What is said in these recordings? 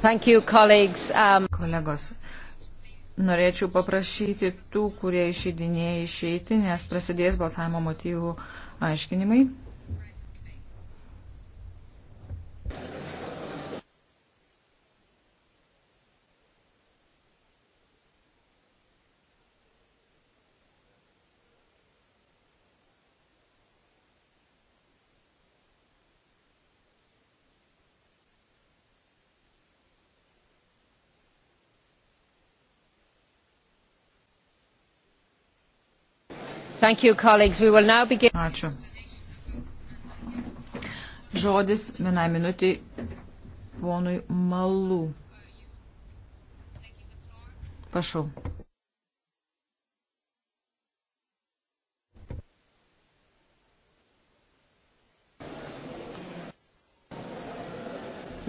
You, um... Kolegos, norėčiau paprašyti tų, kurie išeidinėja išeiti, nes prasidės balsavimo motyvų aiškinimai. You, begin... Ačiū. Žodis vienai minutiai ponui Malų. Prašau.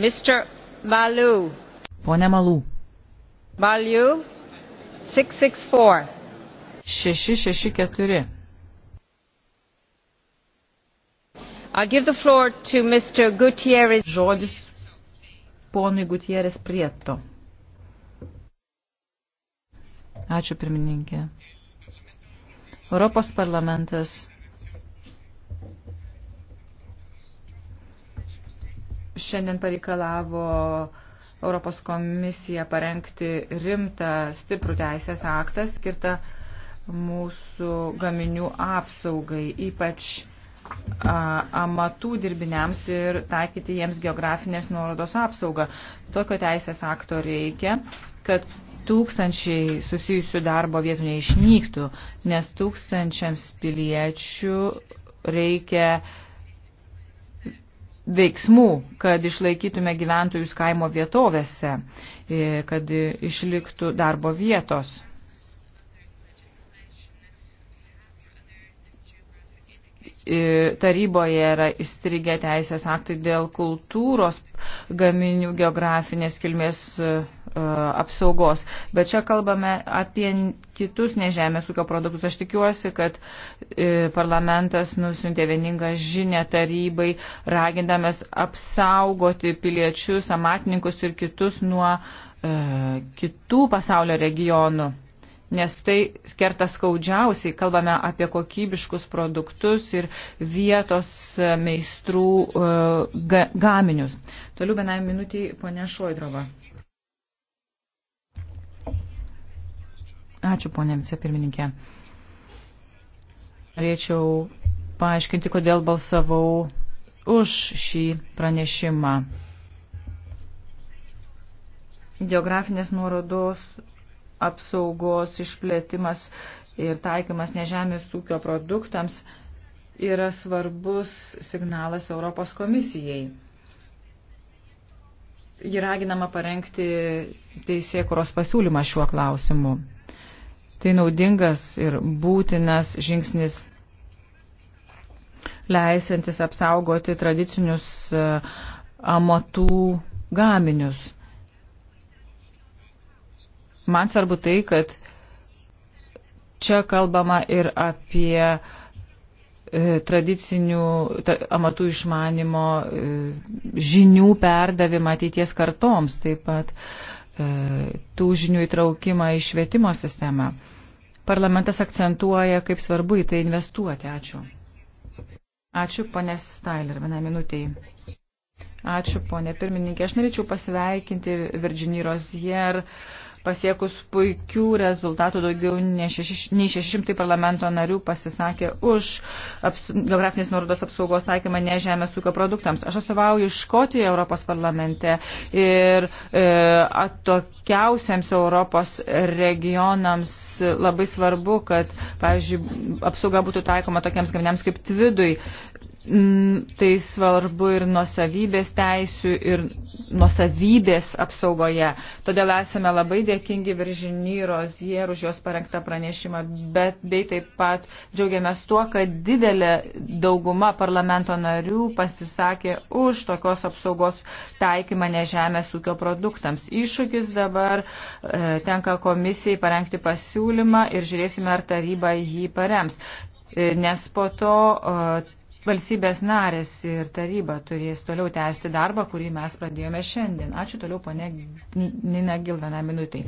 Mr. Malu. Pone Malų. Malu 664. 664. Žodis ponui Gutierrez Prieto. Ačiū pirmininkė. Europos parlamentas šiandien pareikalavo Europos komisiją parengti rimtą stiprų teisės aktą skirtą mūsų gaminių apsaugai, ypač amatų dirbiniams ir taikyti jiems geografinės nuorodos apsaugą. Tokio teisės akto reikia, kad tūkstančiai susijusių darbo vietų neišnyktų, nes tūkstančiams piliečių reikia veiksmų, kad išlaikytume gyventojus kaimo vietovėse, kad išliktų darbo vietos. taryboje yra įstrigę teisės aktai dėl kultūros gaminių geografinės kilmės e, e, apsaugos. Bet čia kalbame apie kitus nežemės ūkio produktus. Aš tikiuosi, kad e, parlamentas nusintė vieningą žinę tarybai, ragindamas apsaugoti piliečius, amatininkus ir kitus nuo kitų pasaulio regionų nes tai kerta skaudžiausiai, kalbame apie kokybiškus produktus ir vietos meistrų e, ga, gaminius. Toliau vienai minutiai ponia Šoidrova. Ačiū, ponia vicepirmininkė. Norėčiau paaiškinti, kodėl balsavau už šį pranešimą. Geografinės nuorodos apsaugos išplėtimas ir taikymas nežemės ūkio produktams yra svarbus signalas Europos komisijai. Ji raginama parengti teisėkuros pasiūlymą šiuo klausimu. Tai naudingas ir būtinas žingsnis leisantis apsaugoti tradicinius e, amatų gaminius. Man svarbu tai, kad čia kalbama ir apie e, tradicinių amatų išmanimo e, žinių perdavimą ateities kartoms, taip pat e, tų žinių įtraukimą į švietimo sistemą. Parlamentas akcentuoja, kaip svarbu į tai investuoti. Ačiū. Ačiū, ponė Stailer, vieną minutėjį. Ačiū, ponė pirmininkė. Aš norėčiau pasveikinti Virginijos Jer pasiekus puikių rezultatų, daugiau nei 600 parlamento narių pasisakė už geografinės nuorodos apsaugos taikymą ne žemės ūkio produktams. Aš atstovauju Škotiją Europos parlamente ir e, atokiausiams Europos regionams labai svarbu, kad, pavyzdžiui, apsauga būtų taikoma tokiems gaminiams kaip tvidui. E, Mm, tai svarbu ir nuosavybės teisių, ir nuosavybės apsaugoje. Todėl esame labai dėkingi Viržiny Rozier už jos parengtą pranešimą, bet bei taip pat džiaugiamės tuo, kad didelė dauguma parlamento narių pasisakė už tokios apsaugos taikymą nežemės ūkio produktams. Iššūkis dabar e, tenka komisijai parengti pasiūlymą ir žiūrėsime, ar taryba jį parems. E, nes po to o, e, Valstybės narės ir taryba turės toliau tęsti darbą, kurį mes pradėjome šiandien. Ačiū toliau, ponė Nina Gil, vieną minutį.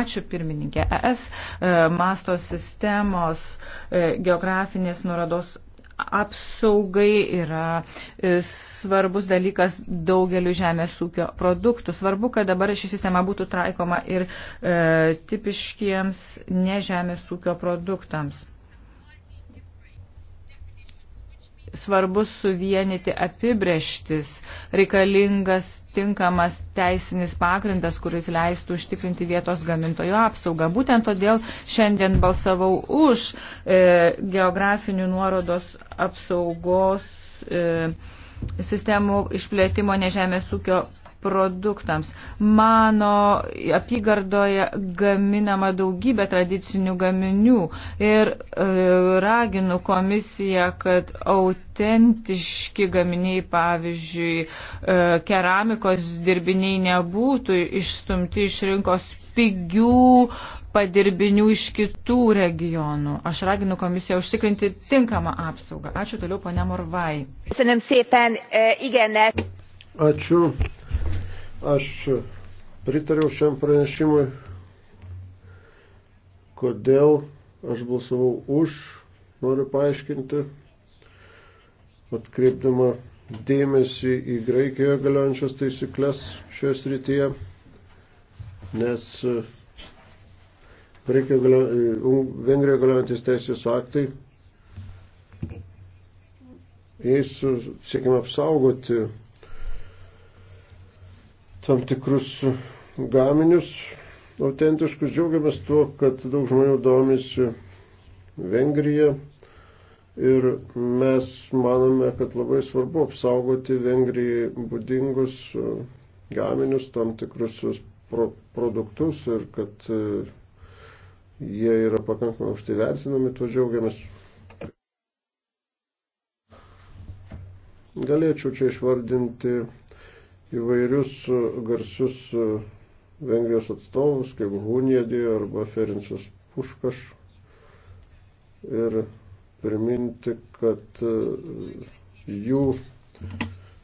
Ačiū pirmininkė. ES e, masto sistemos e, geografinės nurodos apsaugai yra e, svarbus dalykas daugeliu žemės ūkio produktų. Svarbu, kad dabar ši sistema būtų traikoma ir e, tipiškiems ne žemės ūkio produktams. svarbu suvienyti apibrėžtis, reikalingas tinkamas teisinis pagrindas, kuris leistų užtikrinti vietos gamintojų apsaugą. Būtent todėl šiandien balsavau už e, geografinių nuorodos apsaugos e, sistemų išplėtimo nežemės ūkio produktams. Mano apygardoje gaminama daugybė tradicinių gaminių ir e, raginu komisiją, kad autentiški gaminiai, pavyzdžiui, e, keramikos dirbiniai nebūtų išstumti iš rinkos pigių padirbinių iš kitų regionų. Aš raginu komisiją užtikrinti tinkamą apsaugą. Ačiū toliau, ponia Morvai. E, Ačiū. Aš pritariau šiam pranešimui, kodėl aš balsavau už, noriu paaiškinti, atkreipdama dėmesį į Graikijoje galiojančias taisyklės šioje srityje, nes Vengrijoje galiojantis teisės aktai, jais siekime apsaugoti tam tikrus gaminius autentiškus. Džiaugiamės tuo, kad daug žmonių domisi Vengrija ir mes manome, kad labai svarbu apsaugoti Vengrijai būdingus gaminius, tam tikrus pro produktus ir kad e, jie yra pakankamai aukštai vertinami, tuo džiaugiamės. Galėčiau čia išvardinti įvairius e, garsius e, Vengrijos atstovus, kaip Hunėdė arba Ferencius Puškaš. Ir priminti, kad e, jų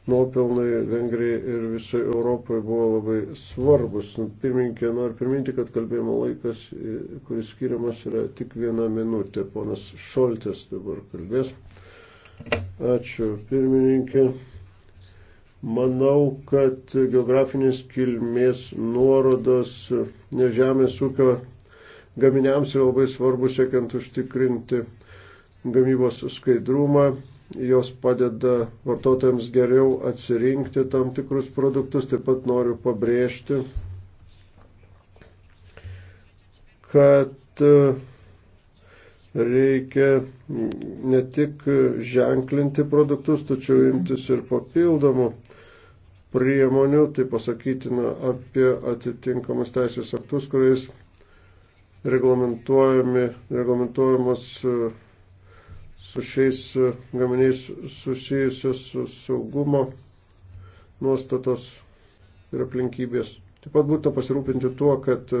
nuopelnai Vengrijai ir visai Europai buvo labai svarbus. Pirminkė, noriu priminti, kad kalbėjimo laikas, kuris skiriamas, yra tik viena minutė. Ponas Šoltės dabar kalbės. Ačiū, pirmininkė. Manau, kad geografinės kilmės nuorodos žemės ūkio gaminiams yra labai svarbu siekiant užtikrinti gamybos skaidrumą. Jos padeda vartotojams geriau atsirinkti tam tikrus produktus. Taip pat noriu pabrėžti, kad reikia ne tik ženklinti produktus, tačiau imtis ir papildomų priemonių, tai pasakytina apie atitinkamus teisės aktus, kuriais reglamentuojamos e, su šiais e, gaminiais susijusios su saugumo nuostatos ir aplinkybės. Taip pat būtų pasirūpinti tuo, kad e,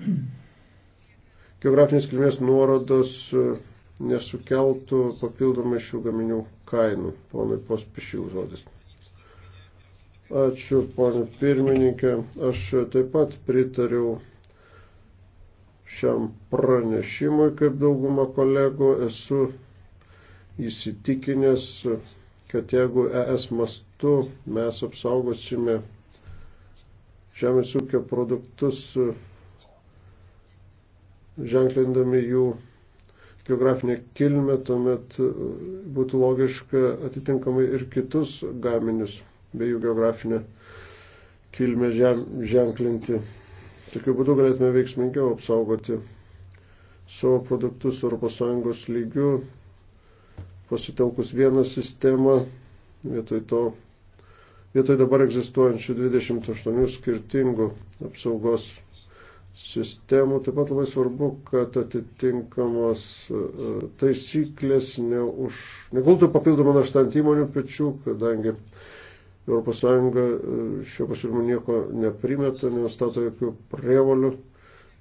geografinės kilmės nuorodos e, nesukeltų papildomai šių gaminių kainų. Ponai Pospišių žodis. Ačiū, ponė pirmininkė. Aš taip pat pritariau šiam pranešimui, kaip dauguma kolegų, esu įsitikinęs, kad jeigu ES mastu mes apsaugosime žemės ūkio produktus ženklindami jų geografinę kilmę, tuomet e, būtų logiška atitinkamai ir kitus gaminius bei jų geografinę kilmę ženklinti. Tokiu būdu galėtume veiksmingiau apsaugoti savo produktus ES lygių, pasitelkus vieną sistemą, vietoj to, vietoj dabar egzistuojančių 28 skirtingų apsaugos sistemų. Taip pat labai svarbu, kad atitinkamos e, taisyklės neuž, negultų papildomą naštą ant įmonių pečių, kadangi ES e, šio pasiūlymo nieko neprimeta, nenustato jokių prievolių.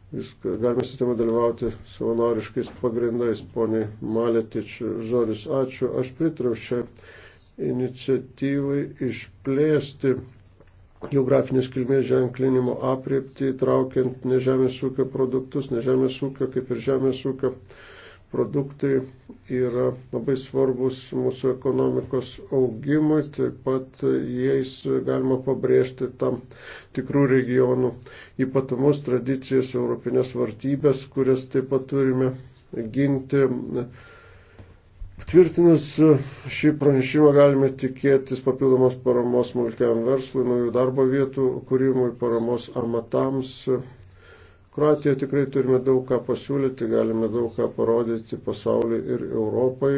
Viską galime sistemą dalyvauti savanoriškais pagrindais, poniai Maletič, žodis ačiū. Aš pritariu šią iniciatyvai išplėsti geografinės kilmės ženklinimo apriepti, traukiant nežemės ūkio produktus, nežemės ūkio kaip ir žemės ūkio produktai yra labai svarbus mūsų ekonomikos augimui, taip pat jais galima pabrėžti tam tikrų regionų ypatumus, tradicijas, europinės vartybės, kurias taip pat turime ginti Tvirtinus e, šį pranešimą galime tikėtis papildomos paramos smulkiam verslui, naujų darbo vietų kūrimui, paramos armatams. Kroatijoje tikrai turime daug ką pasiūlyti, galime daug ką parodyti pasauliu ir Europai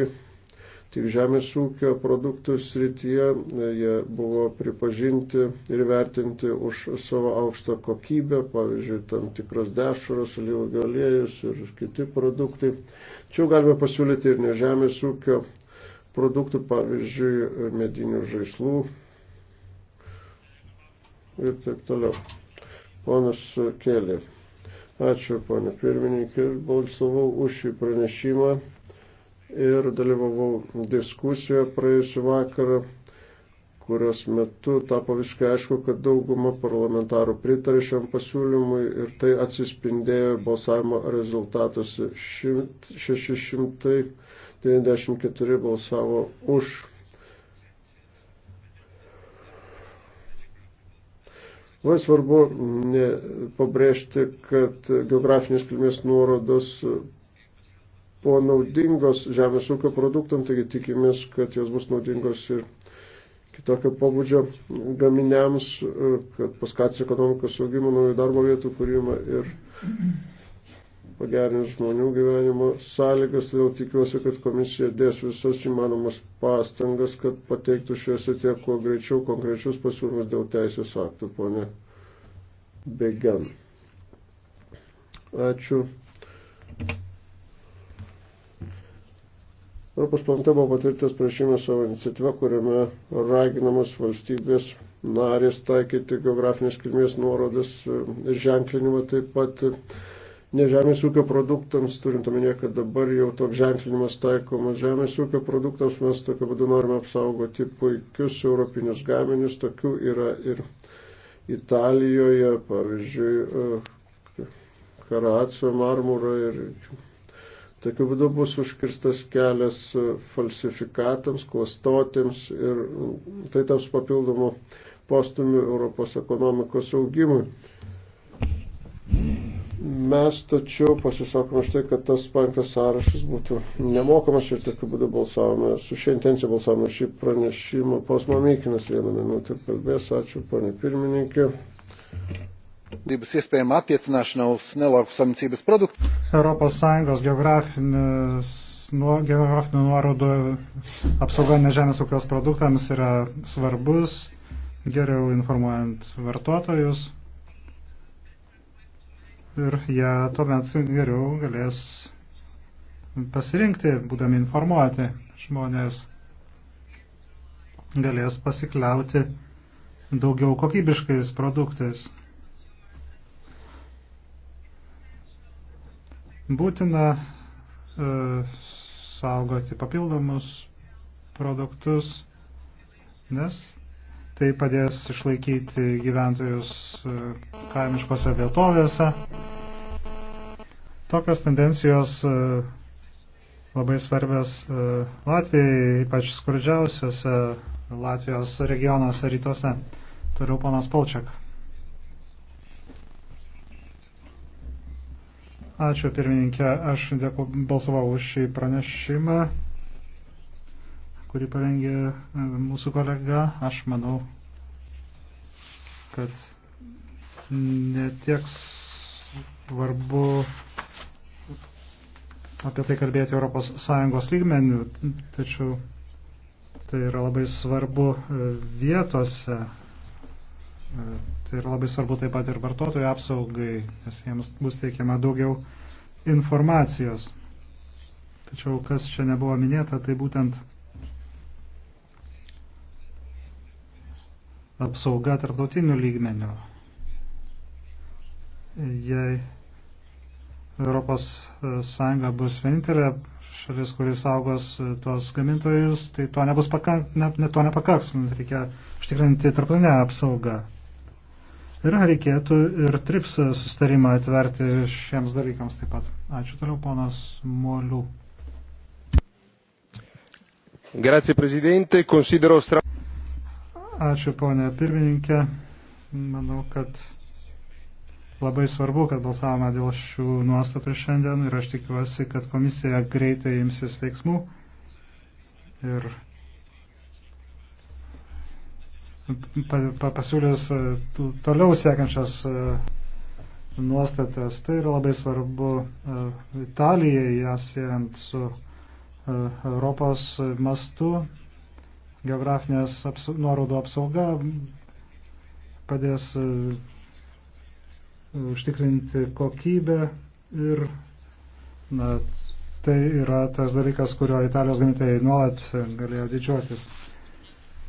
tik žemės ūkio produktų srityje. E, jie buvo pripažinti ir vertinti už savo aukštą kokybę, pavyzdžiui, tam tikras dešras, alyvogio aliejus ir kiti produktai. Čia galime pasiūlyti ir ne žemės ūkio produktų, pavyzdžiui, medinių žaislų ir taip toliau. Ponas Kelė. Ačiū, ponė pirmininkė, balsavau už šį pranešimą ir dalyvavau diskusijoje praėjusiu vakarą, kurios metu tapo viskai aišku, kad dauguma parlamentarų pritarė šiam pasiūlymui ir tai atsispindėjo balsavimo rezultatuose. 694 balsavo už. Labai svarbu pabrėžti, kad geografinės kilmės nuorodos buvo naudingos žemės ūkio produktam, taigi tikimės, kad jos bus naudingos ir kitokio pobūdžio gaminiams, kad paskatys ekonomikos augimą naujų darbo vietų kūrimą ir pagerins žmonių gyvenimo sąlygas, todėl tikiuosi, kad komisija dės visas įmanomas pastangas, kad pateiktų šiuose tiek kuo greičiau konkrečius pasiūlymus dėl teisės aktų, ponė Began. Ačiū. Europos plante buvo patvirtas prašymas savo iniciatyvą, kuriame raginamas valstybės narės taikyti geografinės kilmės nuorodas ir e, ženklinimą taip pat e, ne žemės ūkio produktams, turint omenyje, kad dabar jau toks ženklinimas taikomas žemės ūkio produktams, mes tokiu būdu norime apsaugoti puikius europinius gaminius, tokių yra ir Italijoje, pavyzdžiui, e, Karacio marmurą ir Tokiu būdu bus užkirstas kelias falsifikatams, klastotėms ir tai taps papildomų postumių Europos ekonomikos augimui. Mes tačiau pasisakome štai, kad tas penktas sąrašas būtų nemokamas ir tokiu būdu balsavome, su šia intencija balsavome šį pranešimą. Posmamykinas vieną minutę kalbės, ačiū, ponė pirmininkė darbus iespējama attiecināšana uz nelauksardzības produktu. ES geografinis nuo geografinių nuorodų apsauga nežemės ūkios produktams yra eh, svarbus, geriau informuojant vartotojus ir jie tuomet geriau galės pasirinkti, būdami informuoti žmonės galės pasikliauti daugiau kokybiškais produktais. Būtina uh, saugoti papildomus produktus, nes tai padės išlaikyti gyventojus uh, kaimiškose vietovėse. Tokios tendencijos uh, labai svarbios Latvijai, ypač skurdžiausiose Latvijos regionuose rytuose. Toliau panas Polčiak. Ačiū pirmininkė, aš dėku, balsavau už šį pranešimą, kurį parengė e, mūsų kolega. Aš manau, kad netiek svarbu apie tai kalbėti ES lygmenių, tačiau tai yra labai svarbu e, vietose e, Tai yra labai svarbu taip pat ir vartotojų apsaugai, nes jiems bus teikiama daugiau informacijos. Tačiau kas čia nebuvo minėta, tai būtent apsauga tarptautinių lygmenių. Jei Europos Sąjunga bus vienintelė šalis, kuris saugos tuos gamintojus, tai to, nebus pakank, ne, ne, to nepakaks, mums reikia užtikrinti tarptautinę apsaugą. Ir reikėtų ir TRIPS sustarimą atverti šiems dalykams taip pat. Ačiū toliau, ponas Moliu. Grazie, prezidente. Considero stra... Ačiū, ponė pirmininkė. Manau, kad labai svarbu, kad balsavome dėl šių nuostatų šiandien ir aš tikiuosi, kad komisija greitai imsis veiksmų ir pasiūlys e, toliau siekiančias e, nuostatas. Tai yra labai svarbu e, Italijai, ją siejant su Europos mastu, geografinės apsu, nuorodų apsauga padės užtikrinti kokybę ir na, tai yra tas dalykas, kurio Italijos gamintojai nuolat galėjo didžiuotis.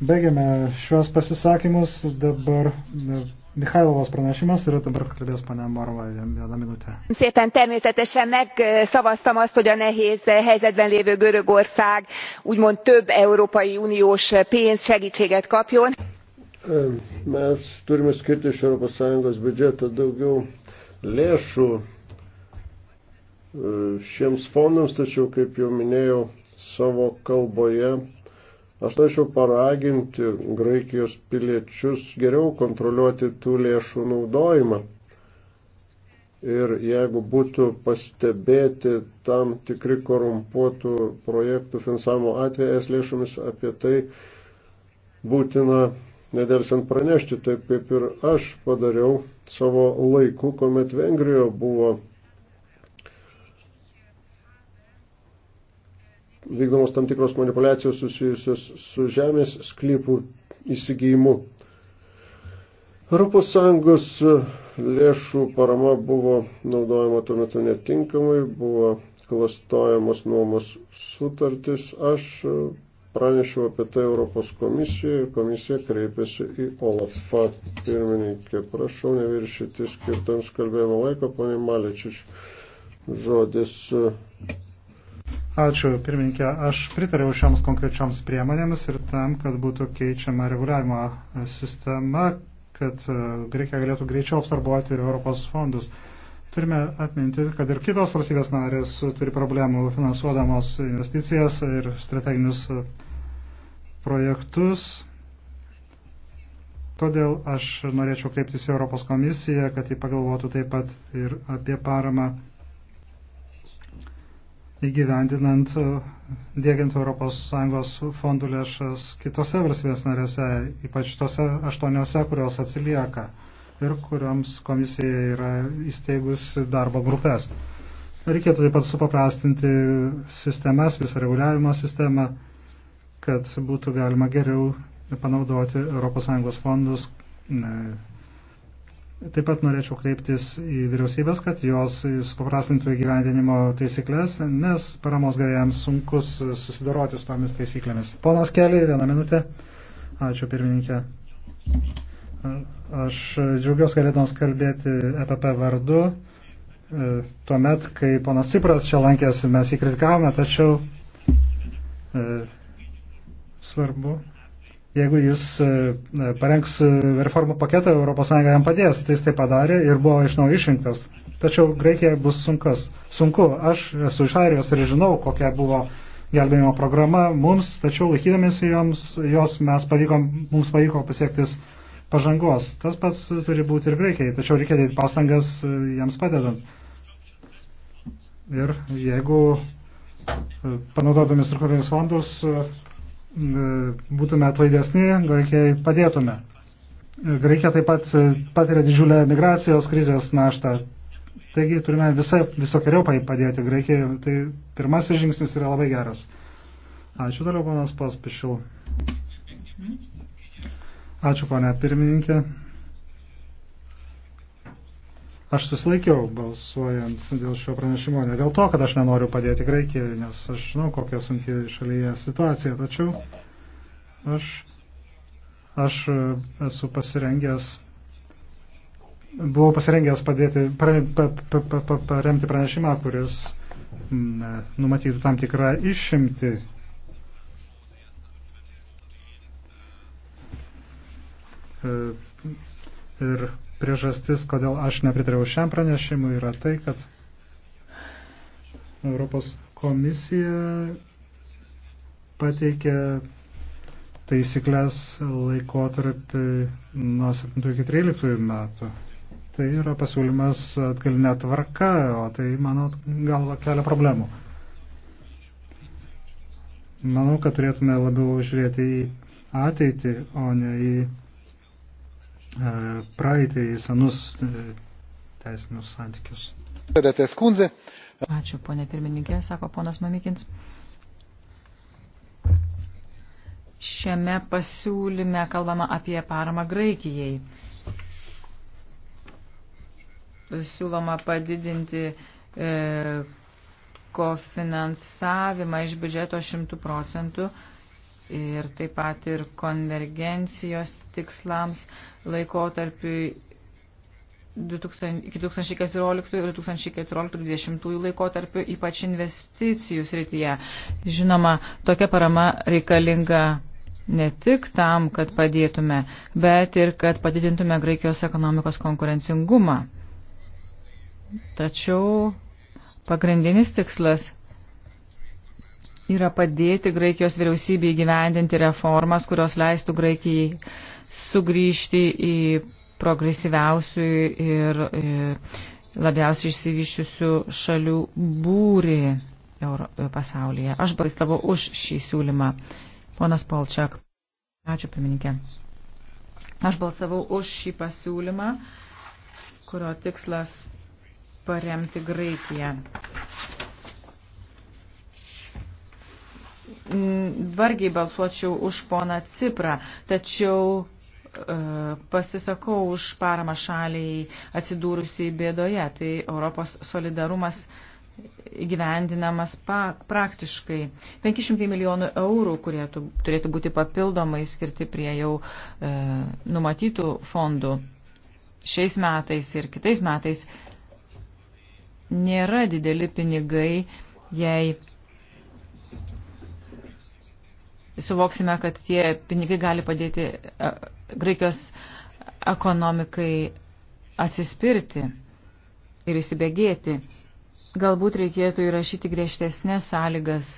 Baigiame šiuos pasisakymus. Dabar e, Mihailovas pranešimas ir dabar kalbės pane Morva vieną minutę. Szépen természetesen megszavaztam azt, hogy a nehéz helyzetben lévő Görögország úgymond több Európai Uniós pénz segítséget kapjon. E, mes turime skirti iš ES biudžeto daugiau lėšų e, šiems fondams, tačiau, kaip jau minėjau savo kalboje, Aš norėčiau paraginti Graikijos piliečius geriau kontroliuoti tų lėšų naudojimą. Ir jeigu būtų pastebėti tam tikri korumpuotų projektų finansavimo atvejais lėšomis, apie tai būtina nedelsiant pranešti, taip kaip ir aš padariau savo laiku, kuomet Vengrijoje buvo vykdomos tam tikros manipulacijos susijusios su žemės sklypų įsigijimu. ES lėšų parama buvo naudojama tuo metu netinkamai, buvo klastojamos nuomos sutartis. Aš pranešiau apie tai Europos komisijoje ir komisija kreipėsi į Olafą. Pirmininkė, prašau neviršyti skirtams kalbėjimo laiko, ponė Malečič. Žodis Ačiū, pirmininkė. Aš pritariau šioms konkrečioms priemonėms ir tam, kad būtų keičiama reguliavimo sistema, kad e, Greikija galėtų greičiau apsarbuoti Europos fondus. Turime atminti, kad ir kitos valstybės narės turi problemų finansuodamos investicijas ir strateginius e, projektus. Todėl aš norėčiau kreiptis į Europos komisiją, kad jį pagalvotų taip pat ir apie paramą įgyvendinant, dėgiant ES fondų lėšas kitose valstybės narėse, ypač tose aštuoniose, kurios atsilieka ir kurioms komisija yra įsteigusi darbo grupės. Reikėtų taip pat supaprastinti sistemas, visą reguliavimo sistemą, kad būtų galima geriau panaudoti ES fondus Taip pat norėčiau kreiptis į vyriausybės, kad jos supaprastintų įgyvendinimo taisyklės, nes paramos gavėjams sunkus susidoroti su tomis taisyklėmis. Ponas Kelly, vieną minutę. Ačiū pirmininkė. Aš džiaugiuosi galėdamas kalbėti EPP vardu. Tuomet, kai ponas Cipras čia lankėsi, mes jį kritikavome, tačiau e, svarbu, jeigu jis e, e, parengs e, reformų paketą, ES jam padės, tai jis tai padarė ir buvo iš naujo išrinktas. Tačiau Graikija bus sunkas. sunku. Aš esu iš Airijos ir žinau, kokia buvo gelbėjimo programa mums, tačiau laikydamėsi joms, jos mes pavyko, mums pavyko pasiektis pažangos. Tas pats turi būti ir Graikijai, tačiau reikia dėti pastangas jiems padedant. Ir jeigu panaudodami struktūrinius fondus E, būtume atlaidesni, Graikijai padėtume. E, Graikija taip pat e, patiria didžiulę migracijos krizės naštą. Taigi turime visai visokiojopai padėti Graikijai. Tai pirmasis žingsnis yra labai geras. Ačiū toliau, panas Paspišil. Ačiū, ponė pirmininkė. Aš susilaikiau balsuojant dėl šio pranešimo, ne dėl to, kad aš nenoriu padėti Graikijai, nes aš žinau, kokia sunki šalyje situacija, tačiau aš, aš esu pasirengęs, buvau pasirengęs padėti, pra, pa, pa, pa, pa, paremti pranešimą, kuris m, mm, numatytų tam tikrą išimti. E, ir priežastis, kodėl aš nepritariau šiam pranešimui, yra tai, kad Europos komisija pateikė taisyklės laikotarpį nuo 7 iki 13 metų. Tai yra pasiūlymas atgalinė tvarka, o tai, manau, galva kelia problemų. Manau, kad turėtume labiau žiūrėti į ateitį, o ne į E, praeitį į senus e, teisinius santykius. Ačiū, ponė pirmininkė, sako ponas Mamikins. Šiame pasiūlyme kalbama apie paramą Graikijai. Siūloma padidinti e, kofinansavimą iš biudžeto 100 procentų ir taip pat ir konvergencijos tikslams laikotarpiui 2000, iki 2014 ir 2014-2020 laikotarpiu, ypač investicijų srityje. Žinoma, tokia parama reikalinga ne tik tam, kad padėtume, bet ir kad padidintume Graikijos ekonomikos konkurencingumą. Tačiau pagrindinis tikslas yra padėti Graikijos vyriausybei gyvendinti reformas, kurios leistų Graikijai sugrįžti į progresyviausių ir labiausiai išsivyščiusių šalių būrį Euro pasaulyje. Aš balsavau už šį siūlymą. Ponas Polčiak. Ačiū, pirmininkė. Aš balsavau už šį pasiūlymą, kurio tikslas paremti Graikiją. Mm, vargiai balsuočiau už poną Ciprą, tačiau e, pasisakau už paramą šaliai atsidūrusiai bėdoje. Tai Europos solidarumas įgyvendinamas praktiškai. 500 milijonų eurų, kurie turėtų būti papildomai skirti prie jau e, numatytų fondų šiais metais ir kitais metais, nėra dideli pinigai, jei suvoksime, kad tie pinigai gali padėti e, Graikijos ekonomikai atsispirti ir įsibėgėti. Galbūt reikėtų įrašyti griežtesnės sąlygas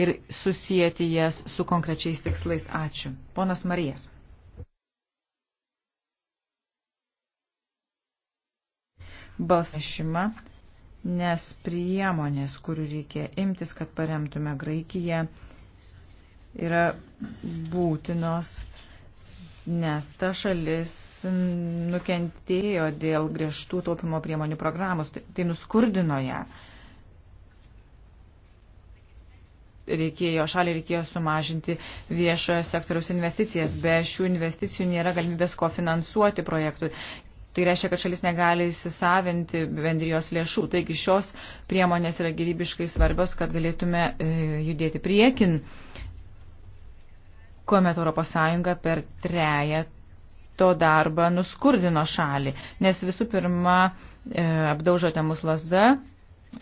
ir susijęti jas su konkrečiais tikslais. Ačiū. Ponas Marijas. Balsašyma, nes priemonės, kurių reikia imtis, kad paremtume Graikiją, yra būtinos, nes ta šalis nukentėjo dėl griežtų taupimo priemonių programos, tai, tai nuskurdino ją. Reikėjo, šaliai reikėjo sumažinti viešojo sektoriaus investicijas. Be šių investicijų nėra galimybės kofinansuoti projektų. Tai reiškia, kad šalis negali įsisavinti bendrijos lėšų. Taigi šios priemonės yra gyvybiškai svarbios, kad galėtume e, judėti priekin. E, kuomet ES per trejato darbą nuskurdino šalį, nes visų pirma e, apdaužote mus lasda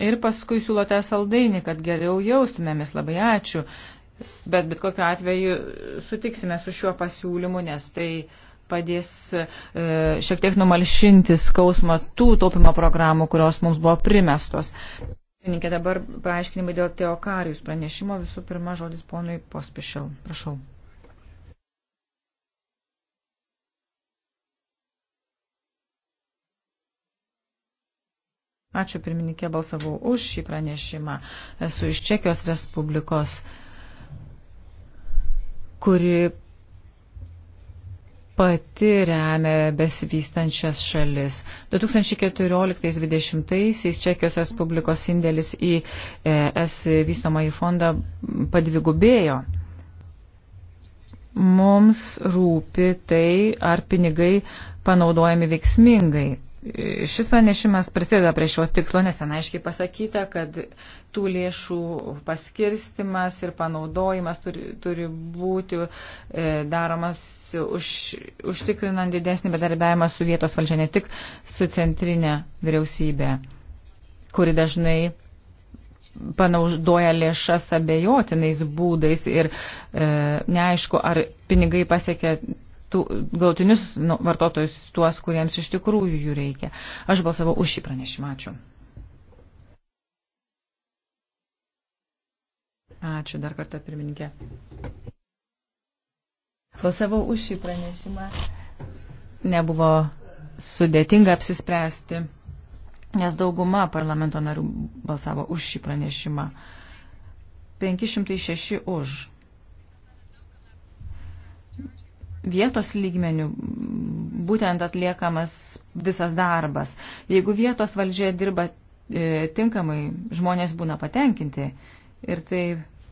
ir paskui siūlote saldainį, kad geriau jaustumėmis. Labai ačiū. Bet bet kokiu atveju sutiksime su šiuo pasiūlymu, nes tai padės e, šiek tiek numalšinti skausmą tų taupimo programų, kurios mums buvo primestos. Dabar paaiškinimai dėl Teokarijus pranešimo. Visų pirma, žodis ponui Pospišil. Prašau. Ačiū pirmininkė, balsavau už šį pranešimą. Esu iš Čekijos Respublikos, kuri pati remia besivystančias šalis. 2014-2020 Čekijos Respublikos indėlis į e, ES vystomąjį fondą padvigubėjo. Mums rūpi tai, ar pinigai panaudojami veiksmingai Šis pranešimas prisideda prie šio tikslo, nes ten aiškiai pasakyta, kad tų lėšų paskirstimas ir panaudojimas turi, turi būti e, daromas už, užtikrinant didesnį bedarbiavimą su vietos valdžia, ne tik su centrinė vyriausybė, kuri dažnai panaudoja lėšas abejotinais būdais ir e, neaišku, ar pinigai pasiekia tų gautinius nu, vartotojus, tuos, kuriems iš tikrųjų jų reikia. Aš balsavau už šį pranešimą. Ačiū. Ačiū dar kartą pirmininkė. Balsavau už šį pranešimą. Nebuvo sudėtinga apsispręsti, nes dauguma parlamento narių balsavo už šį pranešimą. 506 už. vietos lygmenių būtent atliekamas visas darbas. Jeigu vietos valdžia dirba e, tinkamai, žmonės būna patenkinti ir tai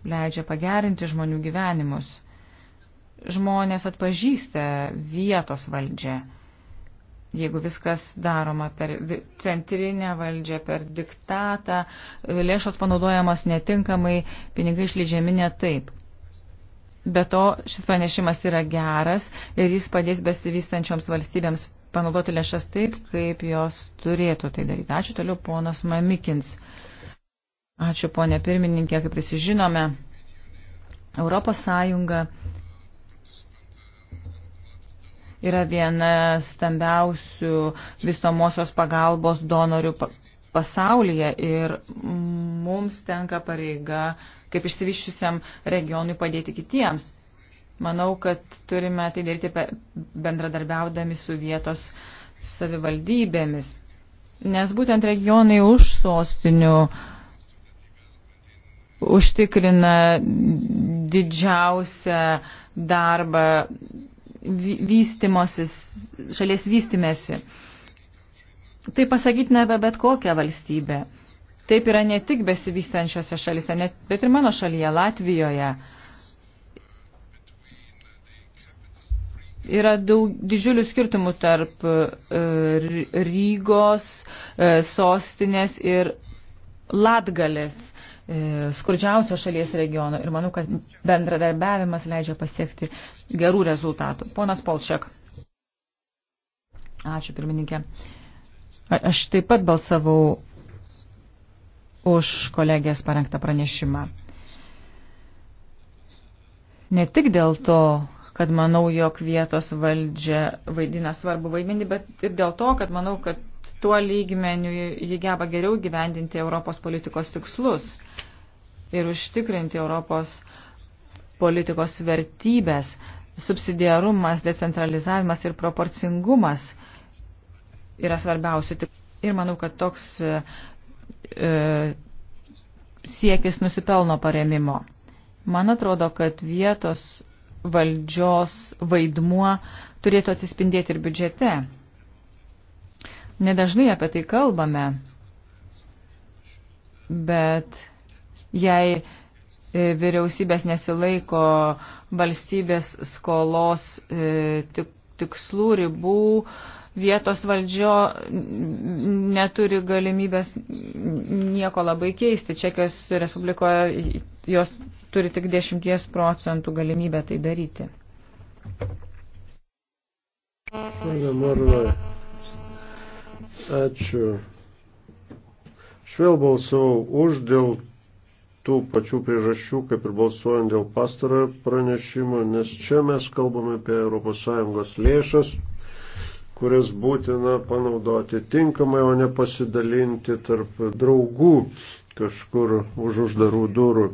leidžia pagerinti žmonių gyvenimus. Žmonės atpažįsta vietos valdžią. Jeigu viskas daroma per centrinę valdžią, per diktatą, lėšos panaudojamos netinkamai, pinigai išleidžiami ne taip Be to, šis pranešimas yra geras ir jis padės besivystančioms valstybėms panaudoti lėšas taip, kaip jos turėtų tai daryti. Ačiū toliau, ponas Mamikins. Ačiū, ponė pirmininkė, kaip visi žinome, Europos Sąjunga yra viena stambiausių visomosios pagalbos donorių pasaulyje ir mums tenka pareiga uh, kaip išsivyščiusiam regionui padėti kitiems. Manau, kad turime tai daryti bendradarbiaudami su vietos savivaldybėmis, nes būtent regionai už sostinių užtikrina didžiausią darbą vystimosis, šalies vystimėsi. Tai pasakytina apie bet kokią valstybę. Taip yra ne tik besivystančiose šalise, net, bet ir mano šalyje, Latvijoje. Yra daug didžiulių skirtumų tarp e, Rygos, e, sostinės ir Latgalės e, skurdžiausio šalies regiono ir manau, kad bendradarbiavimas leidžia pasiekti gerų rezultatų. Ponas Polčiak. Ačiū, pirmininkė. Aš taip pat balsavau už kolegės parengtą pranešimą. Ne tik dėl to, kad manau, jog vietos valdžia vaidina svarbu vaidmenį, bet ir dėl to, kad manau, kad tuo lygmeniu jį geba geriau gyvendinti Europos politikos tikslus ir užtikrinti Europos politikos vertybės, subsidiarumas, decentralizavimas ir proporcingumas yra svarbiausi. Ir manau, kad toks e, siekis nusipelno paremimo. Man atrodo, kad vietos valdžios vaidmuo turėtų atsispindėti ir biudžete. Nedažnai apie tai kalbame, bet jei e, vyriausybės nesilaiko valstybės skolos e, tikslų ribų, vietos valdžio neturi galimybės nieko labai keisti. Čekijos Respublikoje jos turi tik 10 procentų galimybę tai daryti. Ačiū. Aš vėl balsavau už dėl tų pačių priežasčių, kaip ir balsuojant dėl pastarojo pranešimo, nes čia mes kalbame apie ES lėšas kurias būtina panaudoti tinkamai, o ne pasidalinti tarp draugų kažkur už uždarų durų.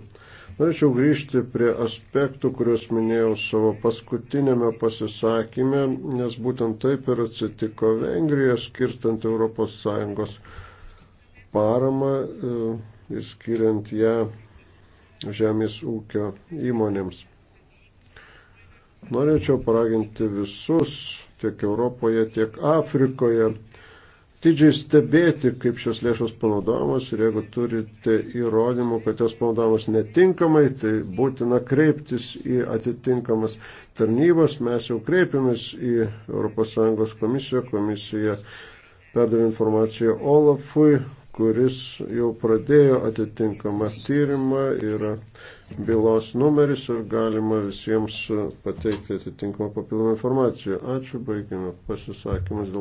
Norėčiau grįžti prie aspektų, kuriuos minėjau savo paskutinėme pasisakymė, nes būtent taip ir atsitiko Vengrija, skirstant ES paramą e, ir skiriant ją žemės ūkio įmonėms. Norėčiau paraginti visus tiek Europoje, tiek Afrikoje. Tidžiai stebėti, kaip šios lėšos panaudojamos ir jeigu turite įrodymų, kad jos panaudojamos netinkamai, tai būtina kreiptis į atitinkamas tarnybas. Mes jau kreipiamės į ES komisiją, komisija perdavė informaciją Olafui, kuris jau pradėjo atitinkamą tyrimą, yra bylos numeris ir galima visiems pateikti atitinkamą papildomą informaciją. Ačiū, baigime pasisakymus dėl.